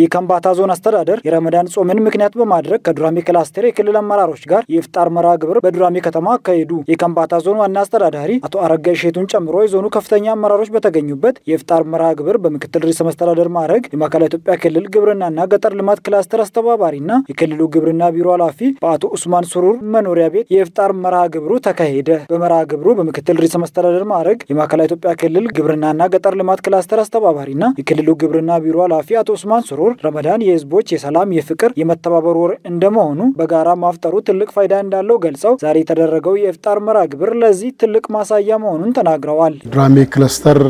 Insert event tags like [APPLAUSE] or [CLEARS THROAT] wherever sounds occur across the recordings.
የከምባታ ዞን አስተዳደር የረመዳን ጾምን ምክንያት በማድረግ ከዱራሜ ክላስተር የክልል አመራሮች ጋር የኢፍጣር መርሃ ግብር በዱራሜ ከተማ አካሄዱ። የከምባታ ዞን ዋና አስተዳዳሪ አቶ አረጋ ሼቱን ጨምሮ የዞኑ ከፍተኛ አመራሮች በተገኙበት የኢፍጣር መርሃ ግብር በምክትል ርዕሰ መስተዳደር ማድረግ የማዕከላዊ ኢትዮጵያ ክልል ግብርናና ገጠር ልማት ክላስተር አስተባባሪና የክልሉ ግብርና ቢሮ ኃላፊ በአቶ ኡስማን ሱሩር መኖሪያ ቤት የኢፍጣር መርሃ ግብሩ ተካሄደ። በመርሃ ግብሩ በምክትል ርዕሰ መስተዳደር ማድረግ የማዕከላዊ ኢትዮጵያ ክልል ግብርናና ገጠር ልማት ክላስተር አስተባባሪና የክልሉ ግብርና ቢሮ ኃላፊ አቶ ኡስማን ሱሩር ወር ረመዳን የህዝቦች የሰላም፣ የፍቅር፣ የመተባበር ወር እንደመሆኑ በጋራ ማፍጠሩ ትልቅ ፋይዳ እንዳለው ገልጸው ዛሬ የተደረገው የኢፍጣር መርሃ ግብር ለዚህ ትልቅ ማሳያ መሆኑን ተናግረዋል። ድራሜ ክለስተር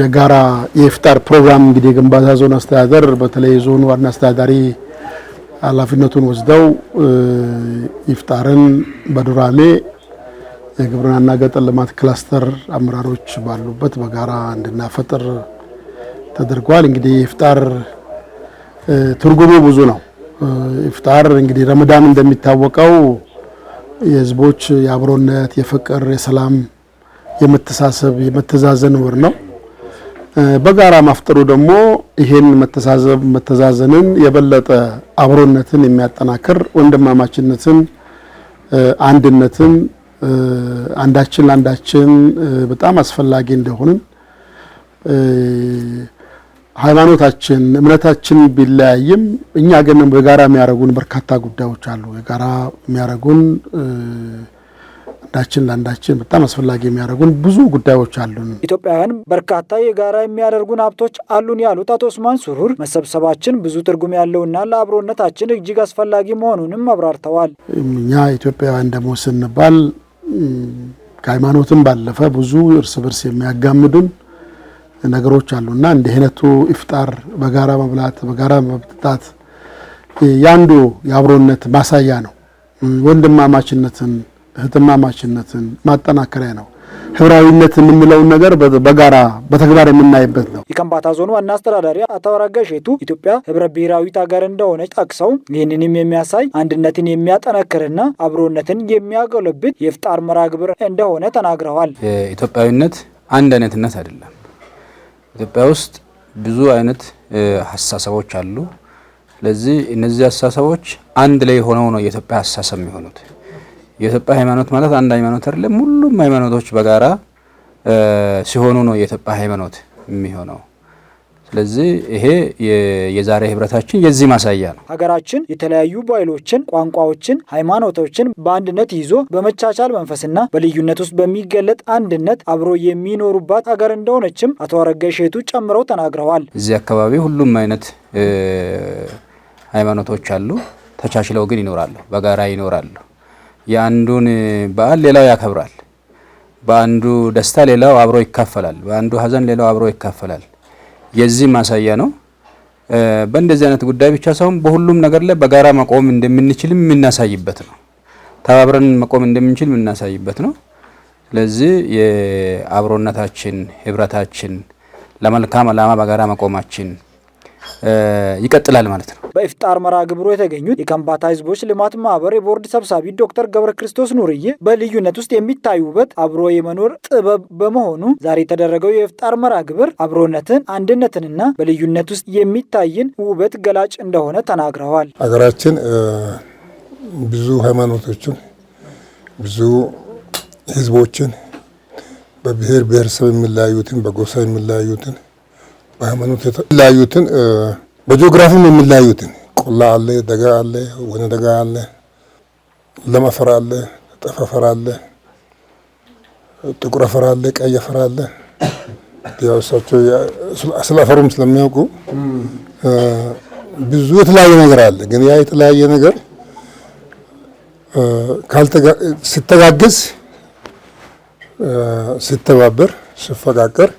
የጋራ የኢፍጣር ፕሮግራም እንግዲህ የግንባታ ዞን አስተዳደር በተለይ ዞን ዋና አስተዳዳሪ ኃላፊነቱን ወስደው ኢፍጣርን በዱራሜ የግብርናና ገጠር ልማት ክላስተር አመራሮች ባሉበት በጋራ እንድናፈጥር ተደርጓል። እንግዲህ ኢፍጣር ትርጉሙ ብዙ ነው። ኢፍጣር እንግዲህ ረመዳን እንደሚታወቀው የህዝቦች የአብሮነት፣ የፍቅር፣ የሰላም፣ የመተሳሰብ፣ የመተዛዘን ወር ነው። በጋራ ማፍጠሩ ደግሞ ይሄን መተሳሰብ መተዛዘንን የበለጠ አብሮነትን የሚያጠናክር ወንድማማችነትን፣ አንድነትን አንዳችን ለአንዳችን በጣም አስፈላጊ እንደሆንን ሃይማኖታችን እምነታችን ቢለያይም እኛ ግን በጋራ የሚያደርጉን በርካታ ጉዳዮች አሉ። የጋራ የሚያደርጉን አንዳችን ለአንዳችን በጣም አስፈላጊ የሚያደርጉን ብዙ ጉዳዮች አሉን። ኢትዮጵያውያን በርካታ የጋራ የሚያደርጉን ሀብቶች አሉን ያሉት አቶ ኡስማን ሱሩር መሰብሰባችን ብዙ ትርጉም ያለውና ለአብሮነታችን እጅግ አስፈላጊ መሆኑንም አብራርተዋል። እኛ ኢትዮጵያውያን ደግሞ ስንባል ከሃይማኖትም ባለፈ ብዙ እርስ በርስ የሚያጋምዱን ነገሮች አሉ እና እንዲህ አይነቱ ኢፍጣር በጋራ መብላት በጋራ መብጣት የአንዱ የአብሮነት ማሳያ ነው። ወንድማማችነትን እህትማማችነትን ማጠናከሪያ ነው። ህብራዊነት የምንለውን ነገር በጋራ በተግባር የምናይበት ነው። የከምባታ ዞን ዋና አስተዳዳሪ አቶ አረጋ ሼቱ ኢትዮጵያ ህብረ ብሔራዊት ሀገር እንደሆነች ጠቅሰው ይህንንም የሚያሳይ አንድነትን የሚያጠነክርና አብሮነትን የሚያጎለብት የፍጣር መርሃ ግብር እንደሆነ ተናግረዋል። ኢትዮጵያዊነት አንድ አይነትነት አይደለም። ኢትዮጵያ ውስጥ ብዙ አይነት አስተሳሰቦች አሉ። ስለዚህ እነዚህ አስተሳሰቦች አንድ ላይ ሆነው ነው የኢትዮጵያ አስተሳሰብ የሚሆኑት። የኢትዮጵያ ሃይማኖት ማለት አንድ ሃይማኖት አይደለም። ሁሉም ሃይማኖቶች በጋራ ሲሆኑ ነው የኢትዮጵያ ሃይማኖት የሚሆነው። ስለዚህ ይሄ የዛሬ ህብረታችን የዚህ ማሳያ ነው። ሀገራችን የተለያዩ ባህሎችን፣ ቋንቋዎችን፣ ሃይማኖቶችን በአንድነት ይዞ በመቻቻል መንፈስና በልዩነት ውስጥ በሚገለጥ አንድነት አብሮ የሚኖሩባት ሀገር እንደሆነችም አቶ አረጋይ ሼቱ ጨምረው ተናግረዋል። እዚህ አካባቢ ሁሉም አይነት ሃይማኖቶች አሉ። ተቻችለው ግን ይኖራሉ፣ በጋራ ይኖራሉ። የአንዱን በዓል ሌላው ያከብራል። በአንዱ ደስታ ሌላው አብሮ ይካፈላል። በአንዱ ሀዘን ሌላው አብሮ ይካፈላል። የዚህ ማሳያ ነው። በእንደዚህ አይነት ጉዳይ ብቻ ሳይሆን በሁሉም ነገር ላይ በጋራ መቆም እንደምንችል የምናሳይበት ነው። ተባብረን መቆም እንደምንችል የምናሳይበት ነው። ስለዚህ የአብሮነታችን ህብረታችን፣ ለመልካም ዓላማ በጋራ መቆማችን ይቀጥላል ማለት ነው። በኢፍጣር መራ ግብሩ የተገኙት የከምባታ ህዝቦች ልማት ማህበር የቦርድ ሰብሳቢ ዶክተር ገብረ ክርስቶስ ኑርዬ በልዩነት ውስጥ የሚታዩ ውበት አብሮ የመኖር ጥበብ በመሆኑ ዛሬ የተደረገው የኢፍጣር መራ ግብር አብሮነትን፣ አንድነትንና በልዩነት ውስጥ የሚታይን ውበት ገላጭ እንደሆነ ተናግረዋል። ሀገራችን ብዙ ሃይማኖቶችን፣ ብዙ ህዝቦችን፣ በብሔር ብሔረሰብ የሚለያዩትን፣ በጎሳ የሚለያዩትን በሃይማኖት የሚለያዩትን በጂኦግራፊም የሚለያዩትን ቆላ አለ፣ ደጋ አለ፣ ወነ ደጋ አለ፣ ለም አፈር አለ፣ ጠፍ አፈር አለ፣ ጥቁር አፈር አለ፣ ቀይ አፈር አለ። ያው እሳቸው ስለ አፈሩም ስለሚያውቁ ብዙ የተለያየ ነገር አለ። ግን ያ የተለያየ ነገር ሲተጋግዝ፣ ስተባበር ስፈቃቀር።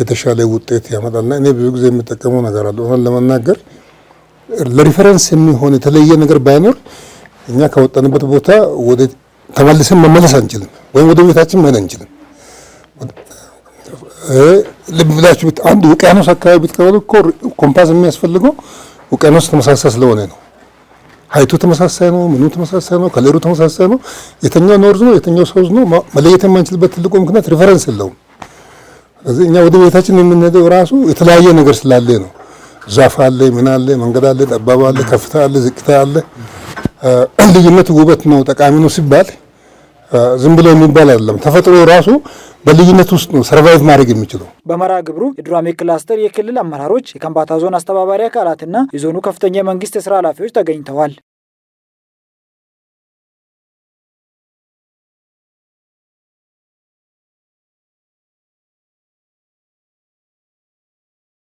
የተሻለ ውጤት ያመጣልና እኔ ብዙ ጊዜ የምጠቀመው ነገር አለ። እውነት ለመናገር ለሪፈረንስ የሚሆን የተለየ ነገር ባይኖር እኛ ከወጣንበት ቦታ ወደ ተመልሰን መመለስ አንችልም፣ ወይም ወደ ቤታችን መሄድ አንችልም። ልብ ብላችሁ አንድ ውቅያኖስ አካባቢ ብትቀበሉ እኮ ኮምፓስ የሚያስፈልገው ውቅያኖስ ተመሳሳይ ስለሆነ ነው። ሀይቱ ተመሳሳይ ነው። ምኑ ተመሳሳይ ነው። ከሌሩ ተመሳሳይ ነው። የተኛው ኖርዝ ነው፣ የተኛው ሰውዝ ነው። መለየት የማንችልበት ትልቁ ምክንያት ሪፈረንስ የለውም። እኛ ወደ ቤታችን የምንሄደው ራሱ የተለያየ ነገር ስላለ ነው። ዛፍ አለ፣ ምን አለ፣ መንገድ አለ፣ ጠባብ አለ፣ ከፍታ አለ፣ ዝቅታ አለ። [CLEARS THROAT] ልዩነት ውበት ነው፣ ጠቃሚ ነው ሲባል ዝም ብሎ የሚባል አይደለም። ተፈጥሮ ራሱ በልዩነት ውስጥ ነው ሰርቫይቭ ማድረግ የሚችለው። በመርሃ ግብሩ የዱራሜ ክላስተር የክልል አመራሮች፣ የከምባታ ዞን አስተባባሪ አካላትና የዞኑ ከፍተኛ የመንግስት የስራ ኃላፊዎች ተገኝተዋል።